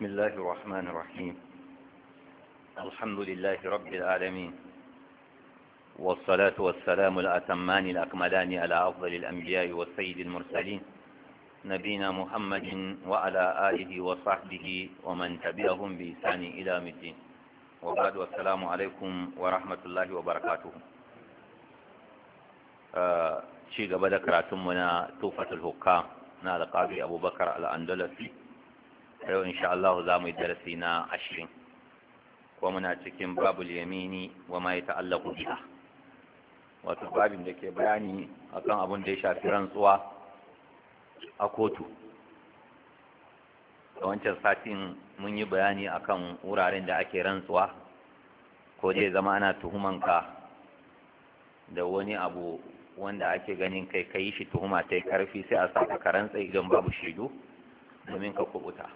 بسم الله الرحمن الرحيم الحمد لله رب العالمين والصلاة والسلام الأتمان الأكملان على أفضل الأنبياء والسيد المرسلين نبينا محمد وعلى آله وصحبه ومن تبعهم بإحسان إلى الدين وبعد والسلام عليكم ورحمة الله وبركاته شيء قبل كراتمنا توفة الحكام نال قاضي أبو بكر الأندلسي yau insha Allah za mu yi darasi na ashirin ko muna cikin babu yamini wa ma ya ta'allaku biha wato babin da ke bayani akan abin da ya shafi rantsuwa a kotu da wancan satin mun yi bayani akan wuraren da ake rantsuwa ko dai zama ana tuhumanka da wani abu wanda ake ganin kai ka shi tuhuma ta yi karfi sai a sa ka karantsai idan babu shaidu domin ka kubuta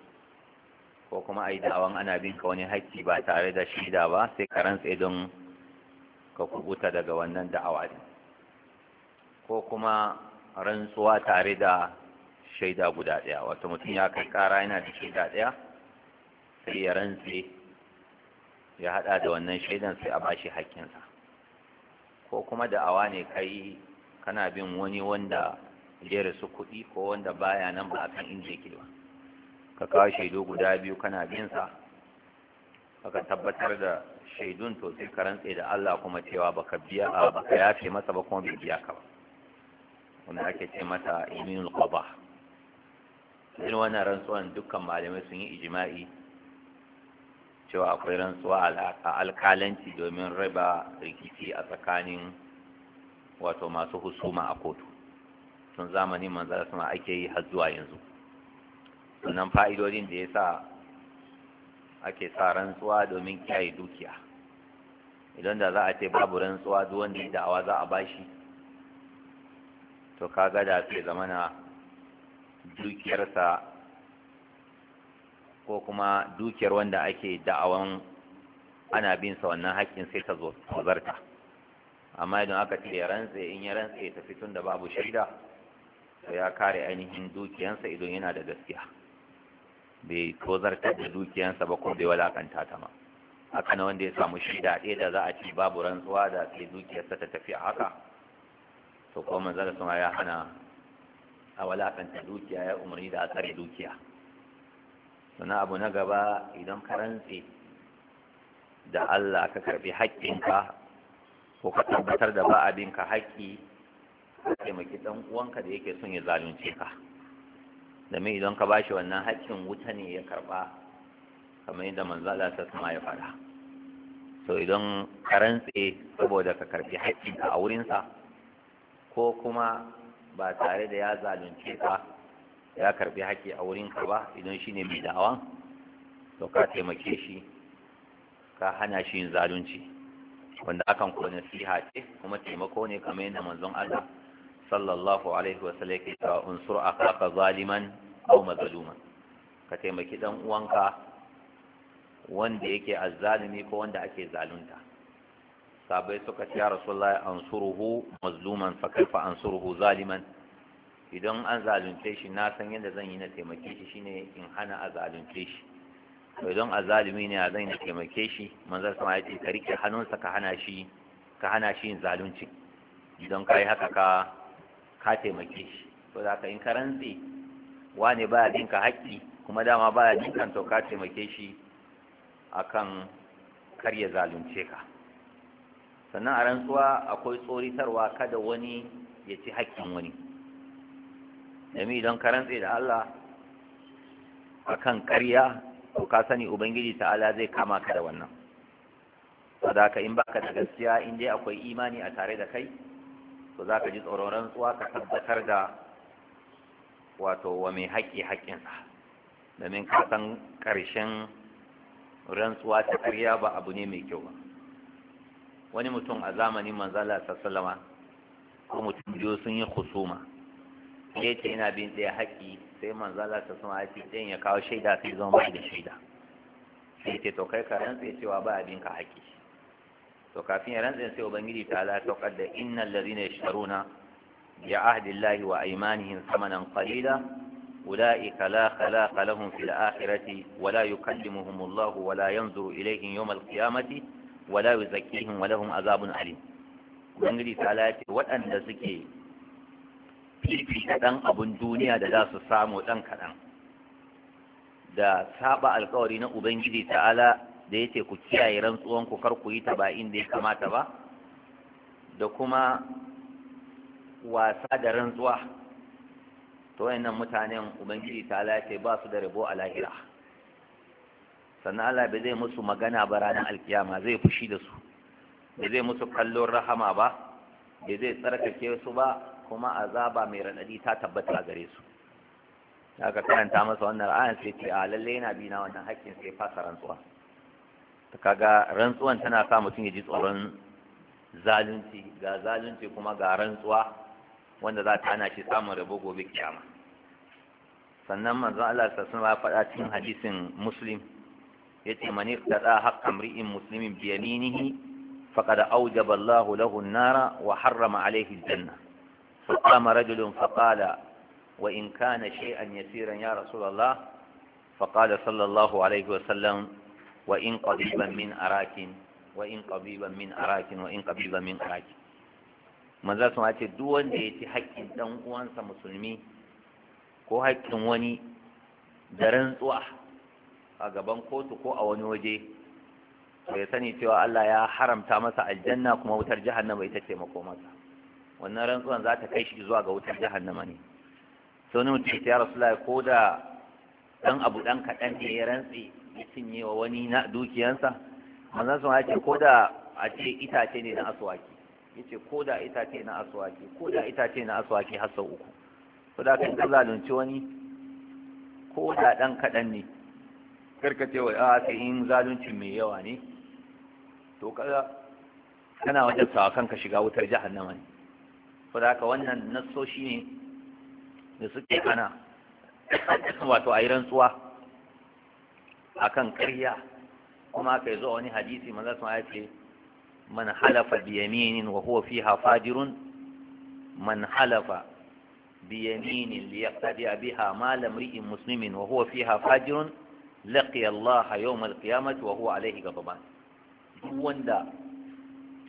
ko kuma a yi da'awan ana bin ka wani haƙƙi ba tare da shida ba sai ka rantse don ka kubuta daga wannan da'awa ne. ko kuma rantsuwa tare da shaida guda ɗaya wato mutum ya kai ƙara yana da shaida ɗaya sai ya rantse ya haɗa da wannan shaidan sai a bashi haƙƙinsa ko kuma da'awa ne kai kana bin wani wanda ya rasu kuɗi ko wanda baya nan ba a kan inda yake ba ka kawo shaidu guda biyu kana binsa ka tabbatar da shaidun to sai ka rantse da Allah kuma cewa baka biya a baka yafe masa ba kuma bai biya ka ba wanda ake ce mata iminul qada irin wannan rantsuwan dukkan malamai sun yi ijima'i cewa akwai rantsuwa a alkalanci domin raba rikici a tsakanin wato masu husuma a kotu tun zamanin manzara suna ake yi har zuwa yanzu sunan fa'idodin da ya sa ake sa rantsuwa domin kiyaye dukiya idan da za a ce babu rantsuwa duk wanda ya da'awa za a bashi to kaga da sai zamana dukiyarsa ko kuma dukiyar wanda ake da'awan ana bin sa wannan haƙƙin sai ta zo zarta amma idan aka ce ya rantsa in ya rantse tafi tun da babu shaida to ya kare ainihin dukiyarsa idan yana da gaskiya bai tozartar da dukiyansa ba ko bai walakanta ta ma haka na wanda ya samu shida ɗaya da za a ci babu rantsuwa da sai dukiyarsa ta tafi a haka to kuma manzala sun ya hana a walakanta dukiya ya umarni da a tsare dukiya sannan abu na gaba idan ka rantse da Allah ka karbi haƙƙinka ko ka tabbatar da ba abinka haƙƙi ka taimaki ɗan uwanka da yake son ya zalunce ka domin idan ka ba shi wannan haƙƙin wuta ne ya karɓa kamar yadda manzala ta sama ya faɗa so idan ka rantse saboda ka karɓi haƙƙin a wurinsa ko kuma ba tare da ya zalunce ka ya karɓi haƙƙi a wurinka ba idan shine mai da'awa to ka taimake shi ka hana shi yin zalunci wanda akan ko nasiha ce kuma taimako ne kamar yadda manzon Allah sallallahu alaihi wasallam yake cewa unsur akaka zaliman au mazaluma ka taimaki dan uwanka wanda yake azzalimi ko wanda ake zalunta sabai suka ce ya rasulullahi ansuruhu mazluman fa kaifa ansuruhu zaliman idan an zalunce shi na san yadda zan yi na taimake shi shine in hana a zalunce shi to idan a zalimi ne a zan yi na taimake shi manzar sama ya ce ka rike hannunsa ka hana shi ka hana shi yin zalunci idan ka yi haka ka ka taimake shi to da ka in ka rantse wani baya dinka haƙƙi kuma dama baya dinkan to ka taimake shi akan karya zalunce ka sannan a rantsuwa akwai tsoritarwa kada wani ya ci haƙƙin wani domin idan ka rantse da Allah akan karya to ka sani ubangiji ta'ala zai kama ka da wannan sadaka in baka da gaskiya in dai akwai imani a tare da kai to zaka ji tsoron rantsuwa ka tabbatar da wato wa mai haƙƙi haƙƙinsa domin kasan ƙarshen rantsuwa ta ƙarya ba abu ne mai kyau ba wani mutum a zamanin manzala sassalama ko mutum biyu sun yi husuma ya ce yana bin ɗaya haƙƙi sai manzala sassalama ya ce ɗayan ya kawo shaida sai zama ba da shaida sai ce to kai ka rantse cewa ba abin ka haƙƙi to kafin ya rantse sai ubangiji ta ala saukar da innal ladina yashtaruna بعهد الله وأيمانهم ثمنا قليلا أولئك لا خلاق لهم في الآخرة ولا يكلمهم الله ولا ينظر إليهم يوم القيامة ولا يزكيهم ولهم عذاب أليم ubangiji ta lace waɗanda suke fifita ɗan abun duniya da za su samu ɗan kaɗan da saba alkawari na ubangiji ta'ala da ya ce ku kiyaye rantsuwanku kar ku yi ta ba inda ya kamata ba da kuma wasa da rantsuwa to wayannan mutanen ubangiji ta lace ba su da rabo a lahira sannan Allah bai zai musu magana ba ranar alkiyama zai fushi da su bai zai musu kallon rahama ba bai zai tsarkake su ba kuma azaba mai raɗaɗi ta tabbata a gare su aka karanta masa wannan ra'ayin sai ce a lalle yana bi na wannan haƙƙin sai fasa rantsuwa ta kaga rantsuwan tana sa mutum ya ji tsoron zalunci ga zalunci kuma ga rantsuwa wanda za ta hana shi samun rabo gobe kiyama sannan manzon Allah sallallahu alaihi faɗa cikin hadisin muslim yace man iqtada haqqa imri'in muslimin bi yaminihi faqad Allahu lahu nara wa harrama alayhi al-janna فقام رجل فقال وإن كان شيئا يسيرا يا رسول الله فقال صلى الله عليه وسلم وإن قبيبا من أراك وإن قبيبا من أراك وإن قبيبا من manzo sun ce duk wanda ya ci haƙƙin ɗan uwansa musulmi ko haƙƙin wani da rantsuwa a gaban kotu ko a wani waje to ya sani cewa Allah ya haramta masa aljanna kuma wutar jahannama ita ce mako masa wannan rantsuwan za ta kai shi zuwa ga wutar jahannama ne sai wani mutum ya rasulullahi ko da dan abu dan kaɗan ne ya rantsi ya cinye wa wani na dukiyansa manzon sun ce ko da a ce itace ne na aswaki yace ko da itace na aswaki ko da itace na aswaki har sau uku to da kan ka zalunci wani ko da dan kadan ne ce wai a sai in zalunci mai yawa ne to ka kana wajen sawa kanka shiga wutar jahannama ne to da ka wannan nasoshi ne da suke kana, wato a yi rantsuwa akan ƙarya kuma ka yi zuwa wani hadisi manzo sun ce man halafa biyaminin wa huwa fiha fajirun man halafa biyaminin liyaqtadi biha ma lam ri'in muslimin wa huwa fiha fajirun laqiya Allah yawm al-qiyamati wa huwa alayhi ghadaban duk wanda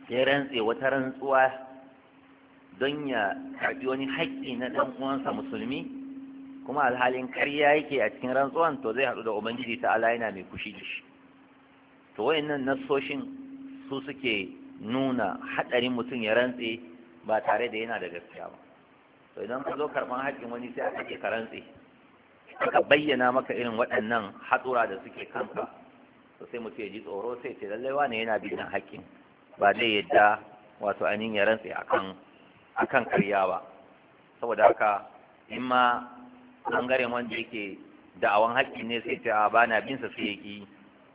ya rantse wata rantsuwa don ya karbi wani haƙƙi na ɗan uwansa musulmi kuma alhalin karya yake a cikin rantsuwar. to zai haɗu da ubangiji ta ala mai kushi to wayannan nassoshin su suke nuna hadarin mutum ya rantse ba tare da yana da gaskiya ba to idan ka zo karban haƙƙin wani sai aka ka rantse aka bayyana maka irin waɗannan hatsura da suke kanka to sai mutum ya ji tsoro sai ce lallai wane yana bin haƙƙin ba zai yadda wato ainihin ya rantse akan akan karya ba saboda haka in ma ɓangaren wanda yake da'awan haƙƙi ne sai ce a bana bin sa sai ya ki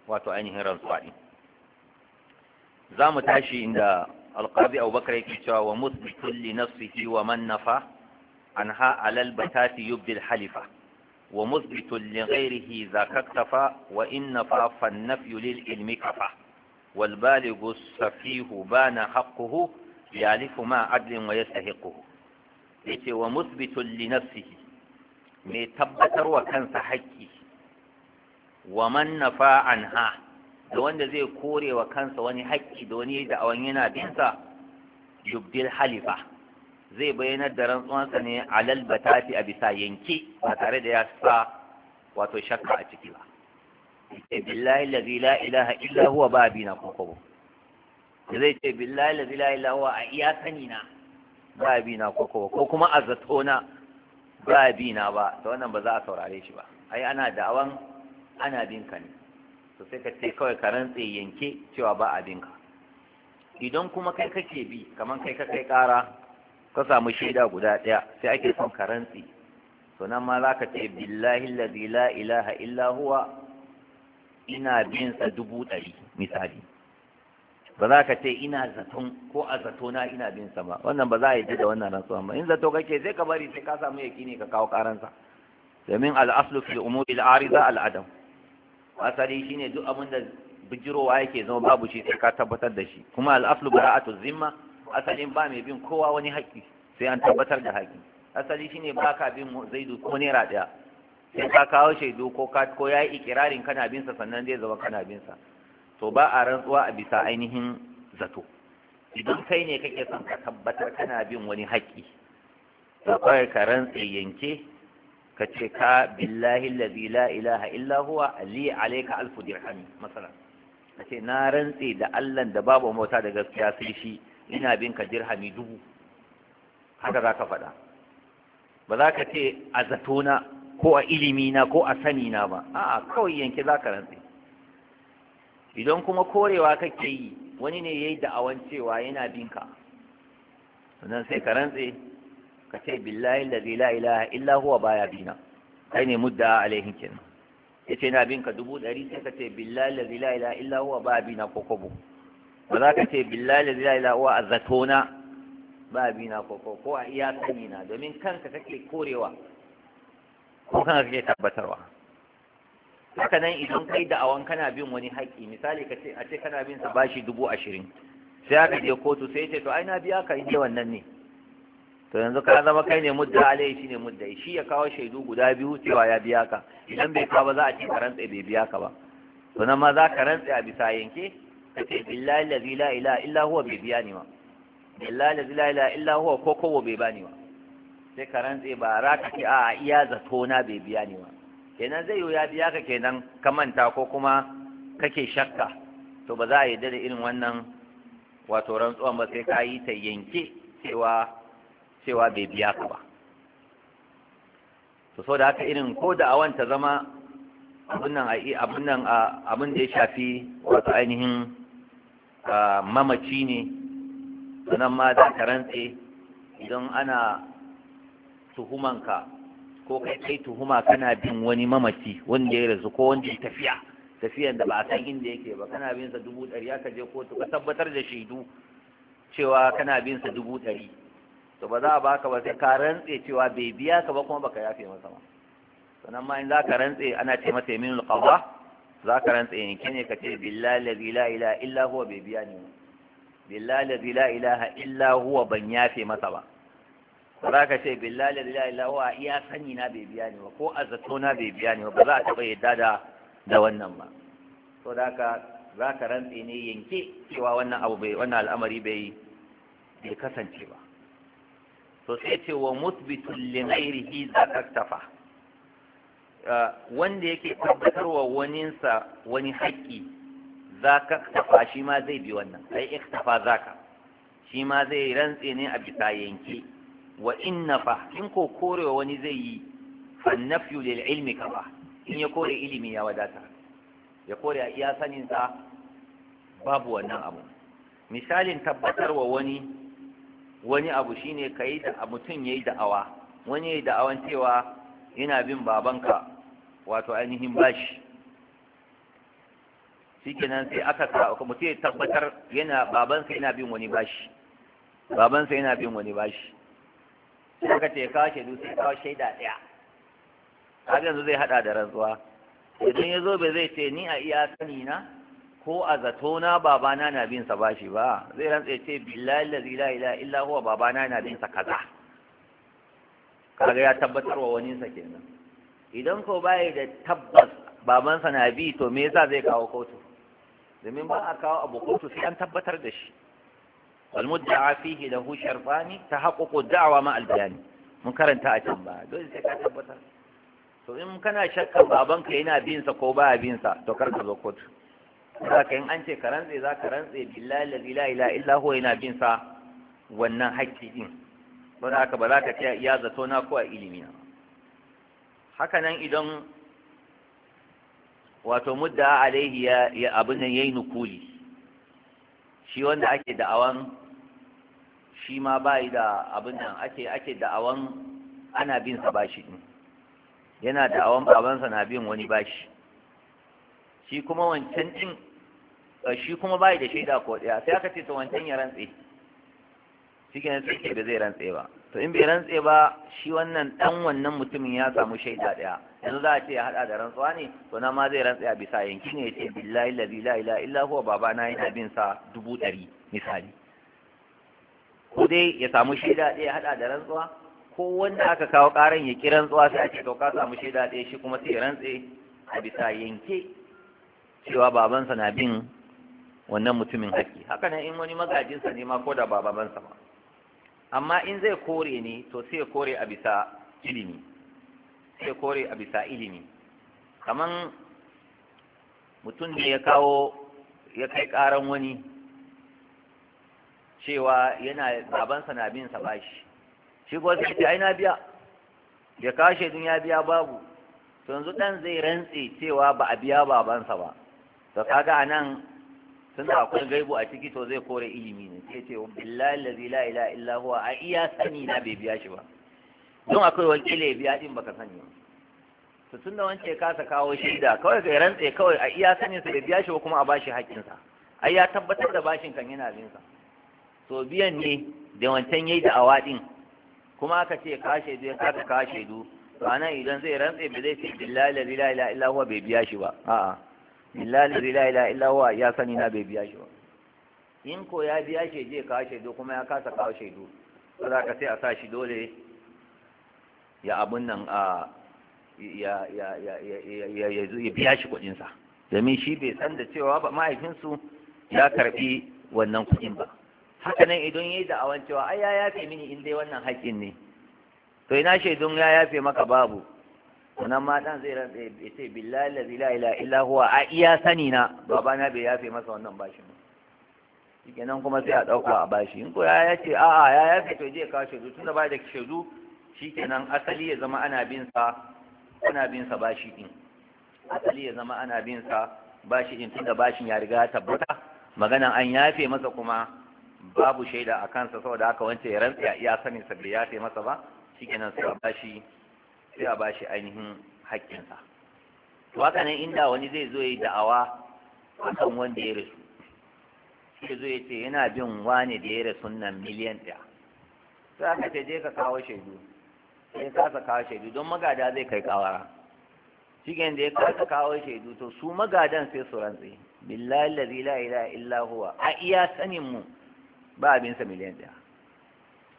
wato ainihin rantsuwa ɗin za mu tashi inda alƙazi abubakar yake cewa wa musbitun nafsihi wa man nafa an ha alal batati yubdil halifa wa musbitun li ghairihi zakaktafa wa in nafa fan nafyu lil ilmi kafa wal balighu safihu bana haqquhu yalifu ma adlin wa yastahiquhu yace wa musbitun li nafsihi mai tabbatar wa kansa haƙƙi wa man nafa anha da wanda zai kore wa kansa wani haƙƙi da wani da'awan yana binsa yubdil halifa zai bayyanar da rantsuwansa ne alal batati a bisa yanke ba tare da ya sa wato shakka a ciki ba billahi allazi la ilaha illa huwa ba kokobo zai ce billahi allazi la ilaha huwa a iya sani na ba na kokobo ko kuma a zato na ba na ba to wannan ba za a saurare shi ba ai ana da'awan ana bin ka ne to sai ka ce kawai ka rantse yanke cewa ba abinka idan kuma kai kake bi kamar kai ka kai kara ka samu shaida guda ɗaya sai ake son ka rantse to nan ma za ka ce billahi allazi la ilaha illa huwa ina bin sa dubu dari. misali ba za ka ce ina zaton ko a zato na ina bin sa ba wannan ba za a yi da wannan rantsuwa ba in zato kake sai ka bari sai ka samu ne ka kawo karansa domin al-aslu fil umuri al-arida al-adam asali shine duk abin da bijirowa yake zama babu shi sai ka tabbatar da shi kuma al'aflu bara'atu zimma asalin ba mai bin kowa wani haƙƙi sai an tabbatar da haƙƙi asali shine ba ka bin zaidu ko naira ɗaya sai ka kawo shaidu ko ka ko yayi ikirarin kana bin sa sannan zai zama kana bin sa to ba a rantsuwa a bisa ainihin zato idan kai ne kake son ka tabbatar kana bin wani haƙƙi to kawai ka rantse yanke ka ce ka billahi allazi la ilaha illa huwa li alayka alf dirham masalan ka ce na rantse da Allah da babu mota da gaskiya sai shi ina bin ka dirhami dubu haka za ka faɗa ba za ka ce a zatona ko a na, ko a sanina ba a'a kawai yanke za ka rantse idan kuma korewa kake yi wani ne ya yi da'awan cewa yana bin ka sannan sai ka rantse ka ce billahi allazi la ilaha illa huwa baya bina kai ne mudda alaihin Ya ce na binka ka dubu ɗari sai ka ce billahi allazi la ilaha illa huwa baya bina ko kobo ba za ka ce billahi allazi la ilaha huwa azzatona baya bina ko ko ko a iya sani na domin kanka kake korewa ko kanka kake tabbatarwa haka nan idan kai da awan kana bin wani haƙƙi misali ka ce a ce kana bin sa bashi dubu ashirin sai aka je kotu sai ce to ai na biya ka inda wannan ne to yanzu ka zama kai ne mudda alai shi ne mudda shi ya kawo shaidu guda biyu cewa ya biya ka idan bai kawo ba za a ce ka bai biya ka ba to nan ma za ka rantse a bisa yanke ka ce billahi allazi la ilaha illa huwa bai biya ni ma billahi allazi la ilaha illa huwa ko kowa bai bani ma sai ka rantse ba ra ka ce a iya zato na bai biya ni ma kenan zai yiwu ya biya ka kenan ka manta ko kuma kake shakka to ba za a yi da irin wannan wato rantsuwan ba sai ka yi ta yanke cewa cewa bai biya ka ba to so da haka irin ko da awan ta zama abin nan abun nan abun da ya shafi wato ainihin mamaci ne sannan ma da karantse idan ana tuhumanka ko kai kai tuhuma kana bin wani mamaci wanda ya rasu ko wanda ya tafiya tafiyan da ba a san inda yake ba kana bin sa dubu ɗari aka je kotu ka tabbatar da shaidu cewa kana bin sa dubu ɗari to ba za a baka ba sai ka rantse cewa bai biya ka ba kuma baka yafe masa ba sannan ma in za ka rantse ana ce masa yaminul qada za ka rantse yanke ne ka ce billahi allazi la ila illa huwa bai biya ni billahi allazi la ilaha illa huwa ban yafe masa ba ba za ka ce billahi allazi la ilaha huwa iya sani na bai biya ni ba ko azzato na bai biya ni ba ba za a taɓa yadda da da wannan ba to da ka za ka rantse ne yanke cewa wannan abu bai wannan al'amari bai bai kasance ba to sai ce wa musbitul za ghairihi tafa. Uh, wanda yake tabbatarwa waninsa wani haƙƙi tafa shi ma zai bi wannan sai iktafa zaka shi ma zai rantse ne a bisa yanke wa inna fa in ko korewa wani zai yi fannafiyu lil ilmi kafa in ya kore ilimi ya wadata ya kore a iya saninsa babu wannan abu misalin tabbatarwa wani wani abu shine ka yi da mutum ya yi da'awa wani ya yi da'awan cewa yana bin babanka wato ainihin bashi shikenan sai aka ka mutum ya tabbatar yana babansa yana bin wani bashi babansa yana bin wani bashi sai ka ce kawo shaidu sai kawo shaida ɗaya har yanzu zai haɗa da rantsuwa idan ya zo bai zai ce ni a iya sani na ko a zatona babana na bin sa bashi ba zai rantsa ce billahi allazi la ilaha illa huwa babana na bin sa kaza kaga ya tabbatar wa wani sa kenan idan ko bai da tabbas baban sa na bi to me yasa zai kawo kotu domin ba a kawo abu kotu sai an tabbatar da shi wal mudda'a fihi lahu sharfani tahaqququ da'wa ma al bayani mun karanta a can ba dole sai ka tabbatar to in kana shakkan babanka yana bin sa ko ba bin sa to kar ka zo kotu Ka in an ce ka rantse za ka rantse billahi la ilaha illa huwa yana bin sa wannan haƙƙi din don haka ba za ka ce iya zato na ko a ilimi na haka nan idan wato mudda alaihi ya abin nan yayi nukuli shi wanda ake da'awan shi ma bai da abin nan ake ake da'awan ana bin sa bashi din yana da'awan babansa na bin wani bashi shi kuma wancan din shi kuma bai da shaida ko daya sai aka ce to wancan ya rantse shi kenan sai ke ba zai rantse ba to in bai rantse ba shi wannan dan wannan mutumin ya samu shaida daya yanzu za a ce ya hada da rantsuwa ne to na ma zai rantse a bisa yanki ne ya ce billahi la ilaha illa huwa babana yana bin sa dubu ɗari misali ko dai ya samu shaida ɗaya haɗa da rantsuwa ko wanda aka kawo ƙaran ya ƙi rantsuwa sai a ce to ka samu shaida ɗaya shi kuma sai ya rantse a bisa yanke cewa babansa na bin wannan mutumin haƙƙi haka nan in wani magajinsa ne ma ko da babansa ba amma in zai kore ne to sai ya kore a bisa ilimi sai kore a bisa ilimi kaman mutum ne ya kawo ya kai ƙaran wani cewa yana babansa na bin sa bashi shi ko sai ce ai na biya ya kashe shaidun ya biya babu to yanzu dan zai rantse cewa ba a biya babansa ba to kaga anan sun da akwai gaibu a ciki to zai kore ilimi ne sai ce billahi allazi la ilaha illa huwa a iya sani na bai biya shi ba don akwai wani kile biya din baka sani ba to tun da ka kasa kawo shi da, kawai ga rantse kawai a iya sani sa bai biya shi ba kuma a bashi hakkin sa ai ya tabbatar da bashin kan yana bin sa to biyan ne da wancan yayi da awadin kuma aka ce ka shaidu ya kasa ka shaidu to idan zai rantse bai zai ce billahi la ilaha illa huwa bai biya shi ba a'a billahi la ilaha ya sani na bai biya shi ba in ko ya biya shi je kawo shaidu kuma ya kasa kawo shaidu ba za ka sai a sa shi dole ya abun nan a ya ya ya biya shi kudinsa. domin shi bai san da cewa ba mahaifinsu ya karɓi wannan kuɗin ba haka nan idan ya yi da'awan cewa ai ya yafe mini in dai wannan haƙƙin ne to ina shaidun ya yafe maka babu wannan matan zai rantsa ya ce billahi la ilaha illa huwa a iya sani na babana bai yafe masa wannan bashin ba nan kuma sai a ɗauka a bashi in ko ya ce a'a ya yafe to je kawo shaidu da ba da shaidu kenan asali ya zama ana bin sa ana bin sa bashi din asali ya zama ana bin sa bashi din da bashin ya riga tabbata magana an yafe masa kuma babu shaida a kansa saboda haka wance ya rantsa ya sanin sa bai yafe masa ba kenan sai a bashi sai a bashi ainihin haƙƙinsa to haka nan inda wani zai zo yi da'awa a kan wanda ya rasu sai zo ya ce yana bin wani da ya rasu nan miliyan ɗaya sai aka ce je ka kawo shaidu sai kasa kawo shaidu don magada zai kai kawara shigen da ya kasa kawo shaidu to su magadan sai su rantse billahi la ilaha illa huwa a iya sanin mu ba abin sa miliyan ɗaya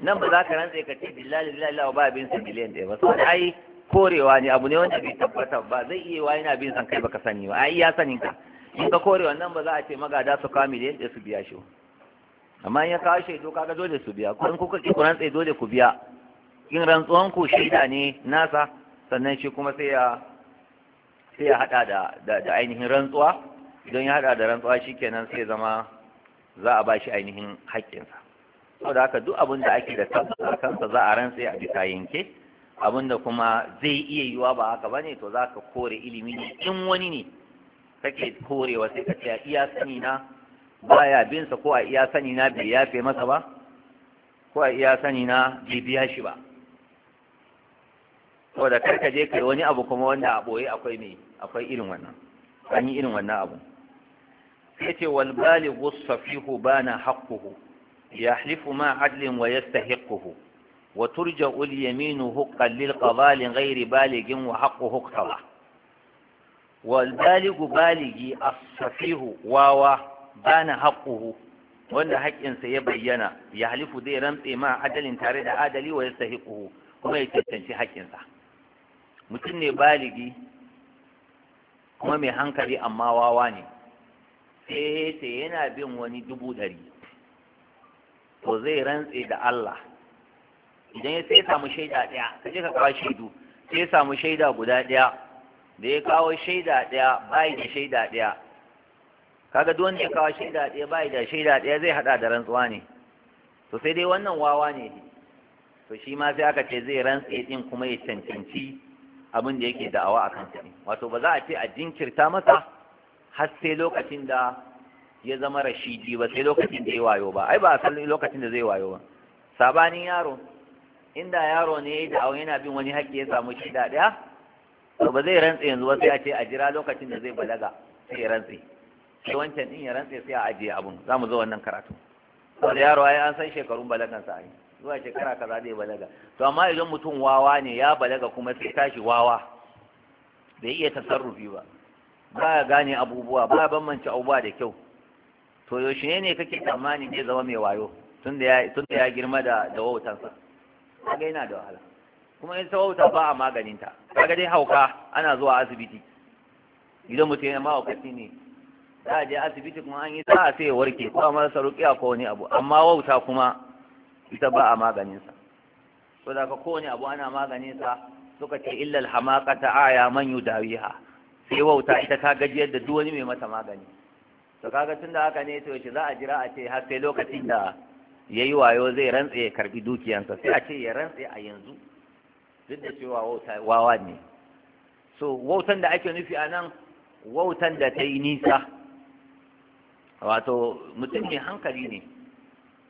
nan ba za ka rantse ka ce billahi billahi Allah ba bin san miliyan ɗaya ba saboda ai korewa ne abu ne wanda bai tabbata ba zai iya wa yana bin san kai baka sani ba ai ya sani ka in ka kore wannan ba za a ce magada su kawo miliyan ɗaya su biya shi amma in ya kawo shaidu kaga dole su biya ko in kuka ki ku rantse dole ku biya in rantsuwan ku shaida ne nasa sannan shi kuma sai ya sai ya hada da da, da ainihin rantsuwa idan ya hada da rantsuwa shikenan sai zama za a ba shi ainihin haƙƙinsa saboda haka duk abin da ake da kansa za a rantse a bisa yanke abin da kuma zai iya yiwa ba haka ba ne to za ka kore ilimi ne in wani ne kake korewa sai ka ce a iya sani na baya bin sa ko a iya sani na bai yafe masa ba ko a iya sani na bai biya shi ba da kar ka je kai wani abu kuma wanda a boye akwai me akwai irin wannan an yi irin wannan abu sai ce wal balighu safihu bana haqquhu يحلف مع عدل ويستحقه وترجع اليمين حقا للقضاء لغير بالغ baligi اقتضى والبالغ بالغ السفيه واوا بان حقه wanda haƙƙinsa ya bayyana ya halifu zai rantse ma adalin tare da adali wa ya sahiƙuhu kuma ya cancanci haƙƙinsa mutum ne baligi kuma mai hankali amma wawa ne sai yana bin wani dubu ɗari to zai rantse da Allah idan ya sai samu shaida ɗaya ka je ka kawo shaidu sai ya samu shaida guda ɗaya da ya kawo shaida ɗaya bai da shaida ɗaya kaga duk wanda ya kawo shaida ɗaya bai da shaida ɗaya zai haɗa da rantsuwa ne to sai dai wannan wawa ne to shi ma sai aka ce zai rantse din kuma ya cancanci abin da yake da'awa a kansa ne wato ba za a ce a jinkirta masa har sai lokacin da ya zama rashidi ba sai lokacin da ya wayo ba ai ba a san lokacin da zai wayo ba sabanin yaro inda yaro ne da awon yana bin wani haƙƙi ya samu shi da ɗaya to ba zai rantse yanzu ba sai a ce a jira lokacin da zai balaga sai ya rantse sai wancan din ya rantse sai a ajiye abun za mu zo wannan karatu saboda yaro ai an san shekarun balagansa ai zuwa shekara kaza zai balaga to amma idan mutum wawa ne ya balaga kuma sai tashi wawa bai iya tasarrufi ba ba ya gane abubuwa ba ya bambance abubuwa da kyau to yaushe ne ne kake tsammani zai zama mai wayo tun da ya girma da da wautansa kaga yana da wahala kuma in ta wauta ba a maganinta kaga dai hauka ana zuwa asibiti idan mutum yana mahaukaci ne za a je asibiti kuma an yi sa'a sai ya warke ko a marasa rukiya ko wani abu amma wauta kuma ita ba a maganinsa so da ka kowane abu ana maganinsa suka ce illal hamaqata aya man yudawiha sai wauta ita ta gajiyar da duk wani mai mata magani to kaga tunda haka ne to shi za a jira a ce har sai lokacin da ya yi wayo zai rantse ya karbi dukiyansa sai a ce ya rantse a yanzu duk da cewa wawa ne so wautan da ake nufi a nan wautan da ta yi nisa wato mutum mai hankali ne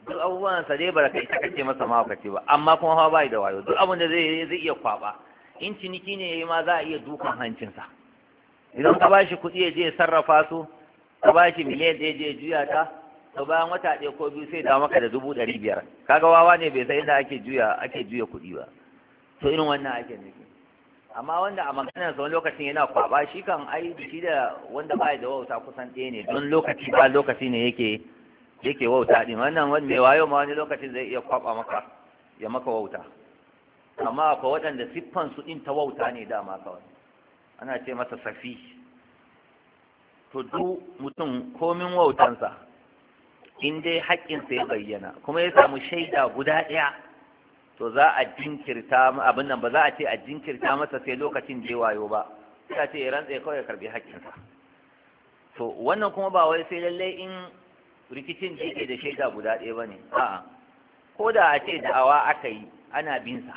duk abubuwan sa dai kai ta kace masa ma kace ba amma kuma fa bai da wayo duk abin da zai zai iya kwaba in ciniki ne yayi ma za a iya dukan hancinsa idan ka bashi kuɗi ya je sarrafa su ka ba shi miliyan ɗaya je juya ta to bayan wata ɗaya ko biyu sai da maka da dubu ɗari biyar kaga wawa ne bai san inda ake juya ake juya kuɗi ba to irin wannan ake nufi amma wanda a maganar sa wani lokacin yana kwaba shi kan ai shi da wanda ba da wauta kusan ɗaya ne don lokaci ba lokaci ne yake yake wauta ɗin wannan wani mai wayo ma wani lokacin zai iya kwaba maka ya maka wauta amma akwai waɗanda siffan su ɗin ta wauta ne dama kawai ana ce masa safi to duk mutum komin wautansa in dai haƙƙinsa ya bayyana kuma ya samu shaida guda ɗaya to za a jinkirta abin nan ba za a ce a jinkirta masa sai lokacin je wayo ba sai a ce ya rantsa kawai ya karbi haƙƙinsa to wannan kuma ba wai sai lallai in rikicin da yake da shaida guda ɗaya ba ne a'a ko da a ce da'awa aka yi ana bin sa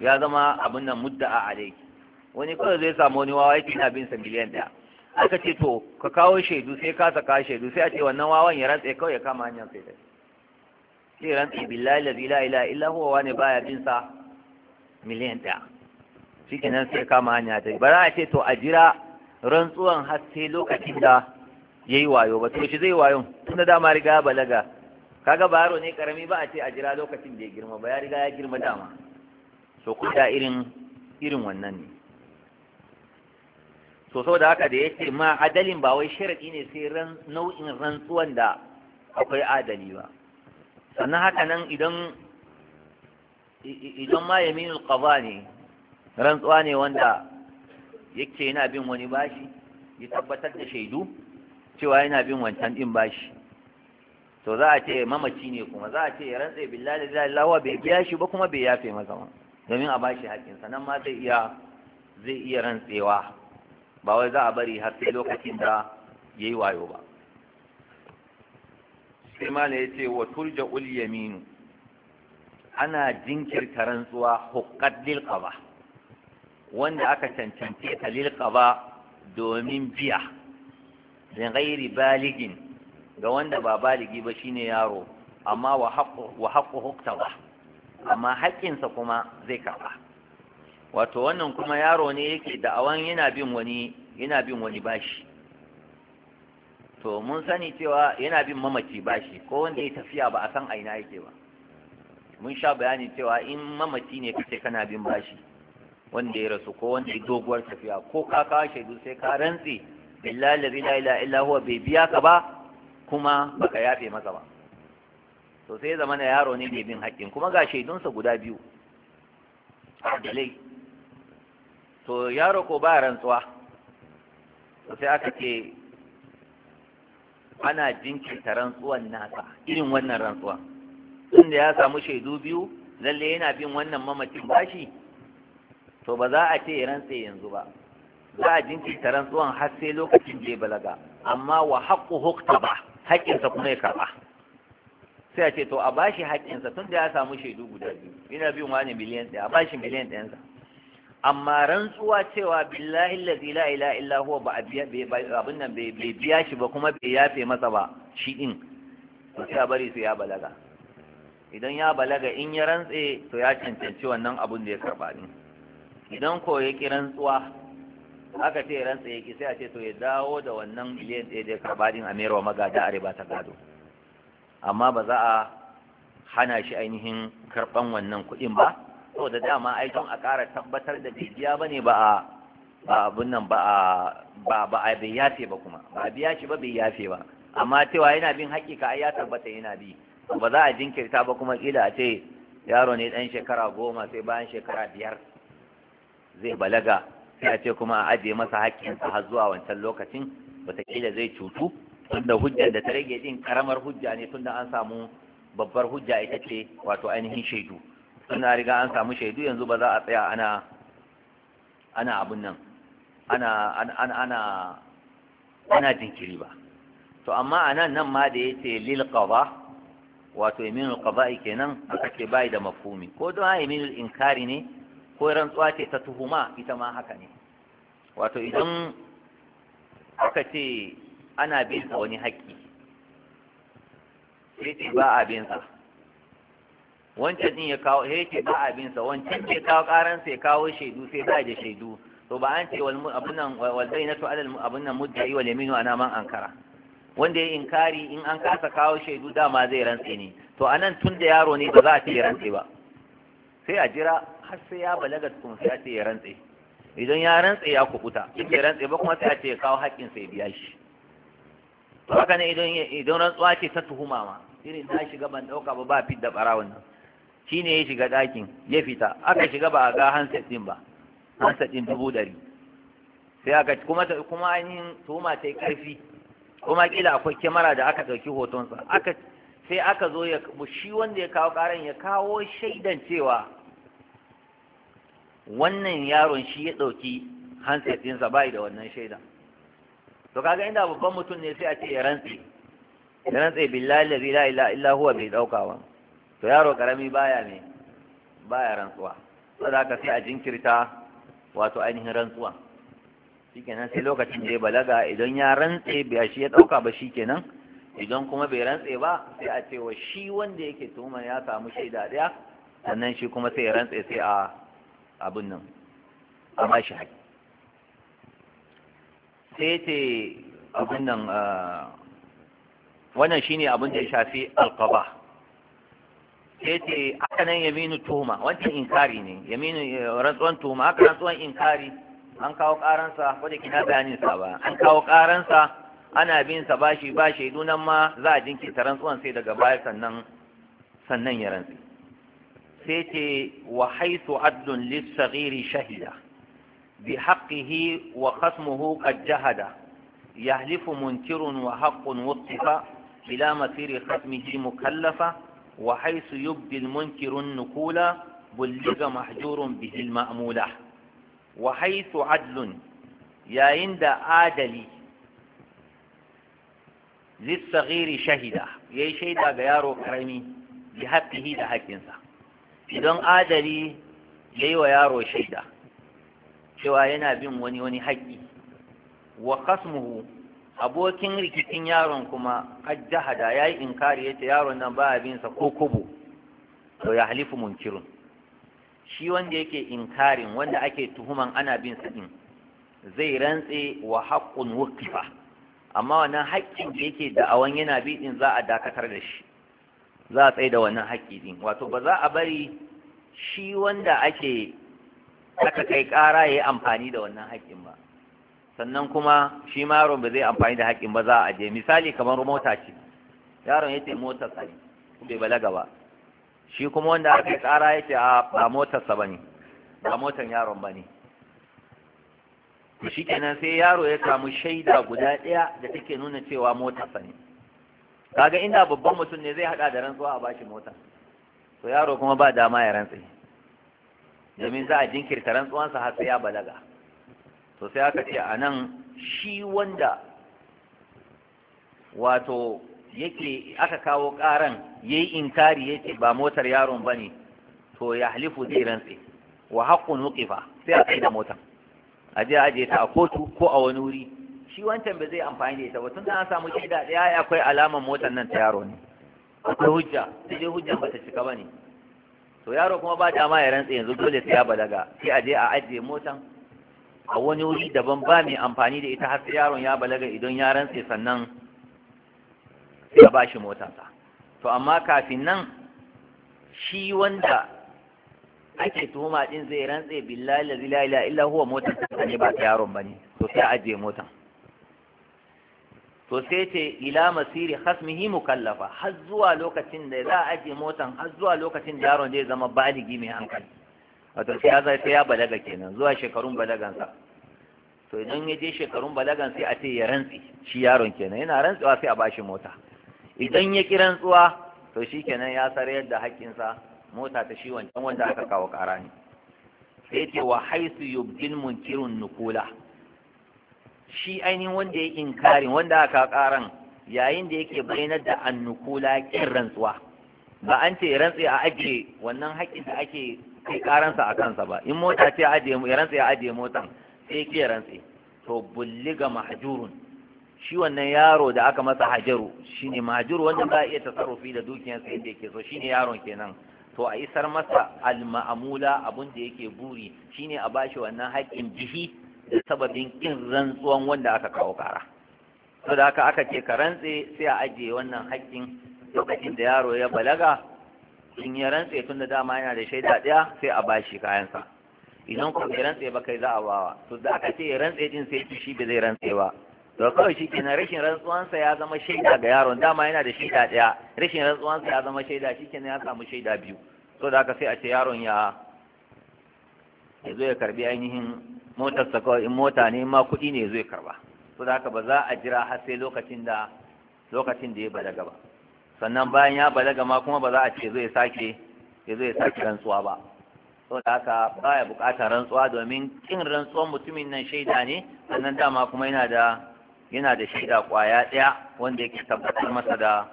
ya zama abin nan mudda'a alai wani kawai zai samu wani wawa yake na bin sa miliyan ɗaya aka ce to ka kawo shaidu sai ka saka shaidu sai a ce wannan wawan ya rantse kawai ya kama hanyar sai dai sai rantse billahi la ilaha illa illa huwa wani baya bin sa miliyan ɗaya nan sai kama hanya ta bara a ce to a jira rantsuwan har sai lokacin da yayi wayo ba to shi zai wayo tun da dama riga balaga kaga ba yaro ne karami ba a ce a jira lokacin da ya girma ba ya riga ya girma dama to kuma irin irin wannan ne to da haka da ce ma adalin ba wai sharadi ne sai nau'in rantsuwan da akwai adali ba sannan haka nan idan idan ma yaminul qada ne rantsuwa ne wanda yake yana bin wani bashi ya tabbatar da shaidu cewa yana bin wancan din bashi to za a ce mamaci ne kuma za a ce ya rantse billahi la ilaha bai biya shi ba kuma bai yafe masa ba domin a bashi haƙƙinsa nan ma zai iya zai iya rantsewa ba wai za a bari har sai lokacin da ya yi wayo ba sai Malam ya ce wa turja yaminu ana jinkirta rantsuwa hukkat lil wanda aka cancance ta lilkaba domin biya da gairi baligin ga wanda ba baligi ba shine yaro amma wa haƙo hukta ba, amma haƙƙinsa kuma zai karɓa wato wannan kuma yaro ne yake da'awan yana bin wani yana bin wani bashi to mun sani cewa yana bin mamaci bashi ko wanda ya tafiya ba a san aina yake ba mun sha bayani cewa in mamaci ne kace kana bin bashi wanda ya rasu ko wanda ya doguwar tafiya ko ka kawo shaidu sai ka rantse billahi la ilaha illa huwa bai biya ka ba kuma baka yafe masa ba to sai zamana yaro ne bai bin haƙƙin kuma ga shaidunsa guda biyu adalai to yaro ko ba rantsuwa sai aka ce ana jinkirta rantsuwan nasa irin wannan rantsuwa tunda ya samu shaidu biyu lalle yana bin wannan mamacin bashi to ba za a ce rantse yanzu ba za a jinkirta rantsuwan har sai lokacin da ya balaga amma wa haƙƙu hukta ba haƙƙinsa kuma ya karɓa sai a ce to a bashi haƙƙinsa tunda ya samu shaidu guda biyu ina bin wani miliyan ɗaya a bashi miliyan ɗayansa amma rantsuwa cewa billahi allazi la ilaha illa huwa ba abin nan bai biya shi ba kuma bai yafe masa ba shi din to sai bari sai ya balaga idan ya balaga in ya rantse to ya cancanci wannan abun da ya karba din idan ko ya ki rantsuwa aka ce rantsa ya ki sai a ce to ya dawo da wannan miliyan ɗaya da ya karba din a mayarwa magada a riba ta gado amma ba za a hana shi ainihin karban wannan kuɗin ba to da dama ai don a ƙara tabbatar da bibiya bane ba a ba nan ba a bai yafe ba kuma ba a biya shi ba bai yafe ba amma cewa yana bin haƙiƙa ai ya tabbata yana bi ba za a jinkirta ba kuma kila a ce yaro ne ɗan shekara goma sai bayan shekara biyar zai balaga sai a ce kuma a ajiye masa haƙƙinsa har zuwa wancan lokacin wataƙila zai cutu tunda hujjar da ta rage din karamar hujja ne tunda an samu babbar hujja ita ce wato ainihin shaidu suna riga an samu shaidu yanzu ba za a tsaya ana ana abun nan ana ana ana ana jinkiri ba to amma a nan nan ma da yace lil qada wato al qada kenan aka ce bai da mafhumi ko don al inkari ne ko rantsuwa ce ta tuhuma ita ma haka ne wato idan aka ce ana bin wani haƙƙi sai ba a bin sa wancan din ya kawo ya ce ba sa wancan ya kawo karansa ya kawo shaidu sai ba da shaidu to ba an ce abun nan wal bainatu alal abun nan mudda'i wal yaminu ana man ankara wanda ya inkari in an kasa kawo shaidu dama zai rantse ne to anan tun da yaro ne ba za a ce ya rantse ba sai a jira har sai ya balaga tukun sai a ce ya rantse idan ya rantse ya kubuta in ya rantse ba kuma sai a ce ya kawo haƙƙin sai biya shi to haka ne idan idan rantsuwa ce ta tuhuma ma irin ta shiga ban dauka ba ba fit da barawun nan Shi ne ya shiga ɗakin ya fita aka shiga ba a ga handset ɗin ba handset ɗin dubu ɗari sai aka kuma kuma yi tuhuma ta yi ƙarfi kuma kila akwai kyamara da aka ɗauki hotonsa aka sai aka zo ya shi wanda ya kawo ƙaran ya kawo shaidan cewa wannan yaron shi ya ɗauki handset ɗinsa bai da wannan shaidan to kaga inda babban mutum ne sai a ce ya rantse ya rantse billahi la ilaha illa huwa bai ɗauka ba to yaro karami baya ne baya rantsuwa saboda ka sai a jinkirta wato ainihin rantsuwa shikenan sai lokacin da ya balaga idan ya rantse bai shi ya dauka ba shikenan idan kuma bai rantse ba sai a ce wa shi wanda yake tuhuma ya samu shaida daya sannan shi kuma sai ya rantse sai a abin nan a ba shi haƙi sai ce abin nan ah, wannan shine abin da ya shafi alqaba sai ce aka nan yaminu tuhuma wancan inkari ne yaminu eh, rantsuwan tuhuma aka rantsuwan inkari an kawo karansa wadda kina bayanin sa ba an kawo karansa ana bin sa bashi ba shaidu nan ma za a jinkirta rantsuwan sai daga baya sannan sannan ya rantsi sai ce wa haitu addun lis-saghiri shahida bi haqqihi wa khasmuhu qad jahada yahlifu munkirun wa haqqun wuttifa ila masiri khasmihi mukallafa wa haisu yubdi munkirun nukula bulliga mahjurun bihil ma'amula wa haisu adlun yayin da adali lissagiri shahida ya yi shaida ga yaro ƙarami. bi haƙƙihi da haƙƙinsa idan adali ya yi wa yaro shaida cewa yana bin wani haƙƙi wa kasmuhu abokin rikicin yaron kuma ajjahada ya yi inkari ya ce yaron nan ba abinsa ko kubo to ya halifu munkirun shi wanda yake inkarin wanda ake tuhuman ana bin sa din zai rantse wa haqqun wukfa amma wannan haƙƙin da yake awan yana bi din za a dakatar da shi za a tsaye da wannan haƙƙi din wato ba za a bari shi wanda ake aka kai ƙara ya yi amfani da wannan haƙƙin ba sannan kuma shi ma yaron ba zai amfani da haƙƙin ba za a je misali kamar mota ce yaron ya ce motar sa ne bai balaga ba shi kuma wanda aka yi tsara ya ce ba motarsa ba ne ba motar yaron ba ne shi kenan sai yaro ya samu shaida guda ɗaya da take nuna cewa sa ne kaga inda babban mutum ne zai haɗa da rantsuwa a bashi mota to yaro kuma ba dama ya rantse domin za a jinkirta rantsuwansa har sai ya balaga to sai aka ce a nan shi wanda wato yake aka kawo ƙaran ya yi inkari ya ce ba motar yaron ba ne to ya halifu zai rantse wa haƙƙun wuƙifa sai a kai da motar a je aje ta a kotu ko a wani wuri shi wancan ba zai amfani da ita ba tun da an samu shaida ɗaya akwai alamar motar nan ta yaro ne akwai hujja sai dai hujjan ba ta cika ba ne to yaro kuma ba dama ya rantse yanzu dole sai ya balaga sai a je a ajiye motan a wani wuri daban ba mai amfani da ita har sai yaron ya balaga idan ya rantse sannan ya ba shi motarsa to amma kafin nan shi wanda ake tuhuma din zai rantse billahi la ilaha illa huwa motar ta ne ba ta yaron bane to sai aje motar to sai ce ila masiri hasmihi mukallafa har zuwa lokacin da za a aje motar har zuwa lokacin da yaron zai zama baligi mai hankali wato sai ya zai ya balaga kenan zuwa shekarun balagansa to idan ya je shekarun balagan sai a ce ya rantsi shi yaron kenan yana rantsuwa sai a bashi mota idan ya ki rantsuwa to shi kenan ya sare yadda haƙƙinsa mota ta shi wancan wanda aka kawo ƙara ne sai ce wa haisu yubdin munkirun nukula shi ainihin wanda ya inkarin wanda aka karan yayin da yake bayanar da annukula kin rantsuwa ba an ce rantsi a ajiye wannan haƙƙin da ake kai karansa a kansa ba in mota ce ajiye ya rantsa ya ajiye motan sai ke rantsa to bulli ga mahjurun shi wannan yaro da aka masa hajaru ne mahajuru wanda ba iya tasarrufi da dukiyar sai da yake so shi ne yaron kenan to a isar masa al-ma'amula abun da yake buri shi ne a bashi wannan haƙƙin jihi da sababin ƙin rantsuwan wanda aka kawo kara saboda haka aka ce ka rantse sai a ajiye wannan haƙƙin lokacin da yaro ya balaga in ya rantse tun da dama yana da shaida ɗaya sai a ba shi kayansa idan ko bai rantse ba kai za a bawa to da aka ce ya rantse din sai shi bai zai rantse ba to kawai shi kenan rashin rantsuwansa ya zama shaida ga yaron dama yana da shaida ɗaya rashin rantsuwansa ya zama shaida shi kenan ya samu shaida biyu to da aka sai a ce yaron ya ya zo ya karbi ainihin motarsa kawai in mota ne ma kuɗi ne ya zo ya karba to da aka ba za a jira har sai lokacin da lokacin da ya balaga ba sannan bayan ya balaga ma kuma ba za a ce zai sake zai sake rantsuwa ba da haka baya buƙatar rantsuwa domin kin rantsuwar mutumin nan shaida ne sannan dama kuma yana da yana da shaida kwaya ɗaya wanda yake tabbatar masa da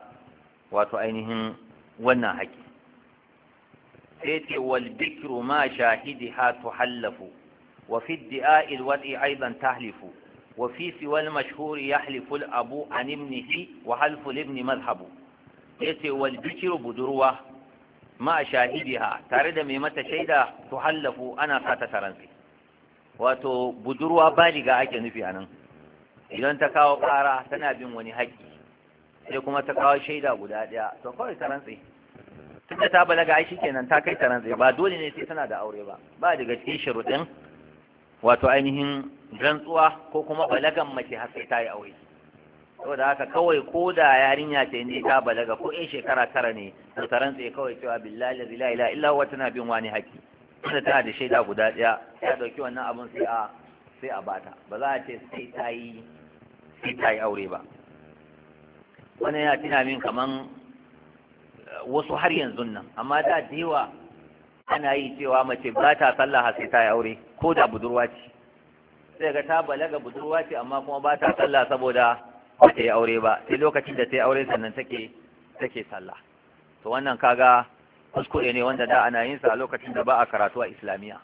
wato ainihin wannan haƙƙi sai ce wal bikru ma ha tuhallafu wa fi iddi'a'i alwad'i aidan tahlifu wa fi siwa al yahlifu al abu an ibnihi wa halfu al ibni madhhabu yace wal bikiru budurwa ma shahidiha tare da mai mata shaida to hallafu ana sa ta taransi wato budurwa baliga ake nufi anan idan ta kawo ƙara tana bin wani haƙƙi sai kuma ta kawo shaida guda ɗaya to kawai taransi da ta balaga ai kenan ta kai taransi ba dole ne sai tana da aure ba ba daga cikin sharuɗin wato ainihin rantsuwa ko kuma balagan mace har sai ta yi aure saboda haka kawai ko da yarinya ce ne ta balaga ko in shekara tara ne to ta tsaye kawai cewa billahi la ilaha illa huwa tana bin wani haƙi tunda ta da shaida guda ɗaya ya dauki wannan abun sai a sai a bata ba za a ce sai ta yi aure ba Wani yana tina min kaman eh, wasu har yanzu nan amma da dewa ana yi cewa mace ba ta sallah sai ta yi aure ko da budurwa ce sai ga ta balaga budurwa ce amma kuma ba ta sallah saboda ba ta yi aure ba sai lokacin da ta yi aure sannan take take sallah to wannan kaga kuskure ne wanda da ana yin sa a lokacin da ba a karatu a islamiya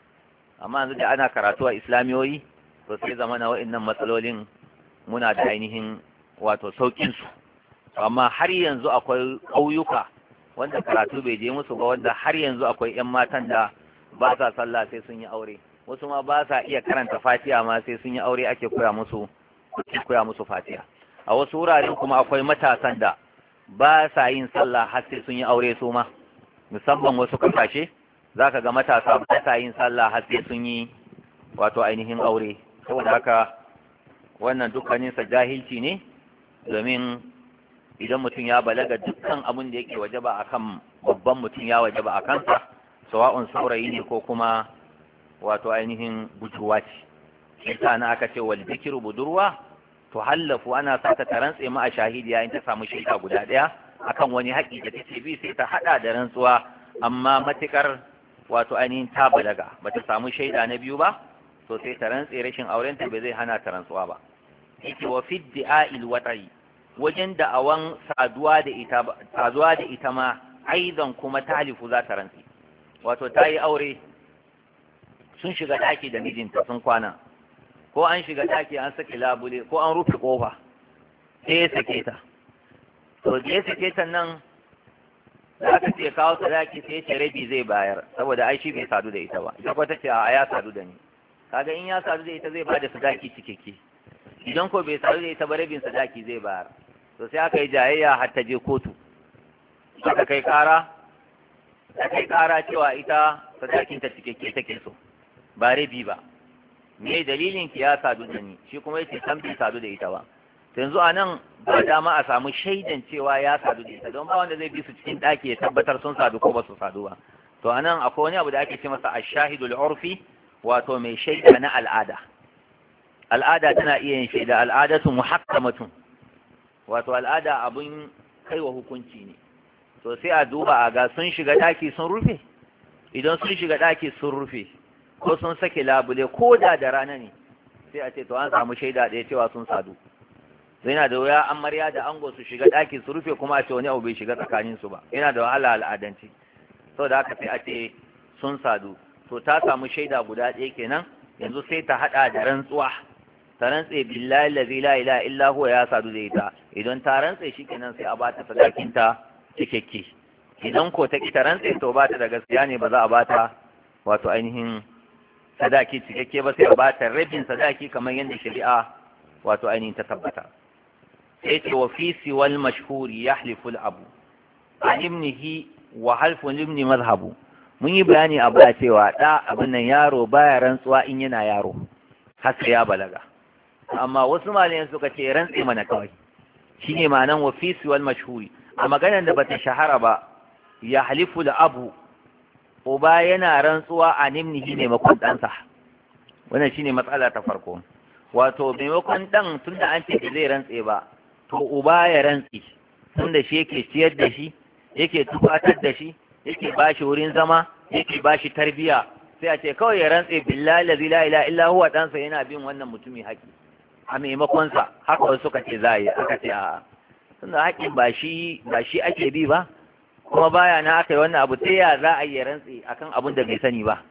amma yanzu da ana karatu a islamiyoyi to sai zama na wa'annan matsalolin muna da ainihin wato saukin su amma har yanzu akwai ƙauyuka wanda karatu bai je musu ba wanda har yanzu akwai 'yan matan da ba sa sallah sai sun yi aure wasu ma ba sa iya karanta fatiya ma sai sun yi aure ake koya musu koya musu fatiya a wasu wuraren kuma akwai matasan da ba sa yin sallah har sai sun yi aure su ma musamman wasu kasashe zaka ga matasa ba sa yin sallah har sai sun yi wato ainihin aure saboda haka wannan dukkanin sa jahilci ne domin idan mutum ya balaga dukkan abin da yake a akan babban mutum ya waje ba a kansa sawa'un saurayi ne ko kuma wato ainihin bujuwa ce shi na aka ce wal budurwa to hallafu ana sata ta rantse ma a shahidi yayin ta samu shaida guda ɗaya akan wani haƙi da take bi sai ta haɗa da rantsuwa amma matukar wato ainihin ta balaga ba ta samu shaida na biyu ba to sai ta rantse rashin aurenta bai zai hana ta rantsuwa ba yake wa fi da'il wata'i wajen da'awan saduwa da ita saduwa da ita ma aidan kuma talifu za ta rantse wato ta yi aure sun shiga ɗaki da mijinta sun kwana ko an shiga ɗaki an saki labule ko an rufe ƙofa sai ya sake ta to da ya sake ta nan da aka ce kawo sadaki sai ce rabi zai bayar saboda ai shi bai sadu da ita ba ita kwata ce a ya sadu da ni kaga in ya sadu da ita zai ba da sadaki cikakke idan ko bai sadu da ita ba rabin sadaki zai bayar to sai aka yi jayayya har ta je kotu aka kai kara ta kai kara cewa ita sadakin ta cikakke take so ba rabi ba me dalilin ki ya sadu da ni shi kuma yake san sadu da ita ba yanzu a nan ba dama a samu shaidan cewa ya sadu da ita don ba wanda zai bi su cikin ɗaki ya tabbatar sun sadu ko ba su sadu ba to a nan akwai wani abu da ake ce masa ashahidul urfi wato mai shaida na al'ada al'ada tana iya yin shaida al'adatu muhakkamatun wato al'ada abun kaiwa hukunci ne to sai a duba a ga sun shiga ɗaki sun rufe idan sun shiga ɗaki sun rufe ko sun sake labule ko da da rana ne sai a ce to an samu shaida ɗaya cewa sun sadu sai yana da wuya amarya da ango su shiga ɗaki su rufe kuma a ce wani abu bai shiga tsakanin su ba yana da wahala al'adanci saboda haka sai a ce sun sadu to ta samu shaida guda ɗaya kenan yanzu sai ta haɗa da rantsuwa ta rantse billahi la ilaha illa huwa ya sadu da ita idan ta rantse shikenan sai a ba ta sadakin ta cikakke idan ko ta ki ta rantse to ba ta da gaskiya ne ba za a ba ta wato ainihin sadaki cikakke ba sai a bata rabin sadaki kamar yadda shari'a wato ainihin ta tabbata sai ce wa fi siwal mashhuri yahlifu abu an ibnihi wa halfu ibni mazhabu mun yi bayani a baya cewa da abin nan yaro baya rantsuwa in yana yaro har ya balaga amma wasu malayan suka ce rantsi mana kawai shine ma'anan wa fi siwal mashhuri a maganar da bata shahara ba Ya halifu abu uba yana rantsuwa a nimnihi maimakon ɗansa wannan shine matsala ta farko wato maimakon ɗan tun da an ce zai rantse ba to uba ya rantse da shi yake ciyar da shi yake tufatar da shi yake ba shi wurin zama yake ba shi tarbiya sai a ce kawai ya rantse billahi lazi la ilaha illa huwa ɗansa yana bin wannan mutumi haƙi a maimakonsa haka wasu suka ce za a yi aka ce a tunda haƙin ba shi ba shi ake bi ba kuma baya na aka yi wannan abu sai ya za a yi rantsi akan abun da bai sani ba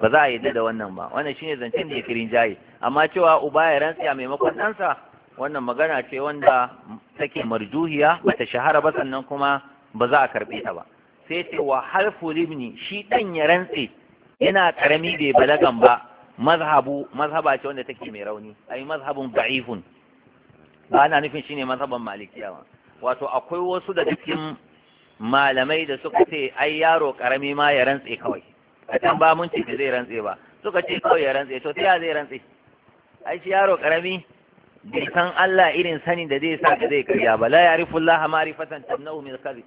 ba za a yi da wannan ba wannan shine zancen da ya kirin jaye amma cewa uba ya rantsi a maimakon ɗansa wannan magana ce wanda take marjuhiya ba ta shahara ba sannan kuma ba za a karɓe ta ba sai ce wa halfu libni shi ɗan ya rantsi yana karami bai balagan ba mazhabu mazhaba ce wanda take mai rauni ai mazhabun da'ifun ba ana nufin shine mazhaban malikiya ba wato akwai wasu daga cikin malamai da suka ce ai yaro karami ma ya rantse kawai a can ba mun ce zai rantse ba suka ce kawai ya rantse to ta ya zai rantse ai shi yaro karami bai san Allah irin sanin da zai sa ka zai karya ba la ya'rifu Allah ma'rifatan tamna'u min kadhib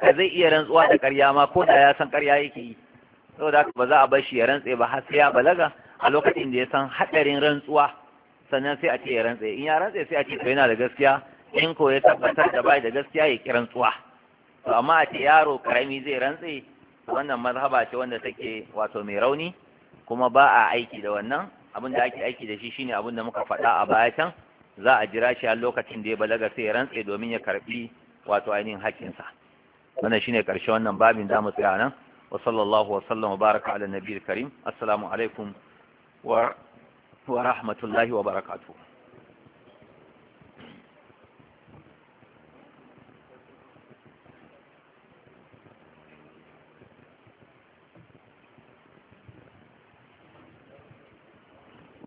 ka zai iya rantsuwa da karya ma ko da ya san karya yake yi saboda ba za a bar shi ya rantse ba har sai ya balaga a lokacin da ya san hadarin rantsuwa sannan sai a ce ya rantse in ya rantse sai a ce to yana da gaskiya in ko ya tabbatar da bai da gaskiya ya ki rantsuwa to amma a ce yaro karami zai rantse wannan mazhaba ce wanda take wato mai rauni kuma ba a aiki da wannan abin da ake aiki da shi shine abin da muka faɗa a baya can za a jira shi a lokacin da ya balaga sai ya rantse domin ya karbi wato ainihin haƙƙinsa wannan shine karshe wannan babin zamu tsaya nan wa sallallahu wa sallam wa baraka ala nabiyil karim assalamu alaikum wa wa rahmatullahi wa barakatuh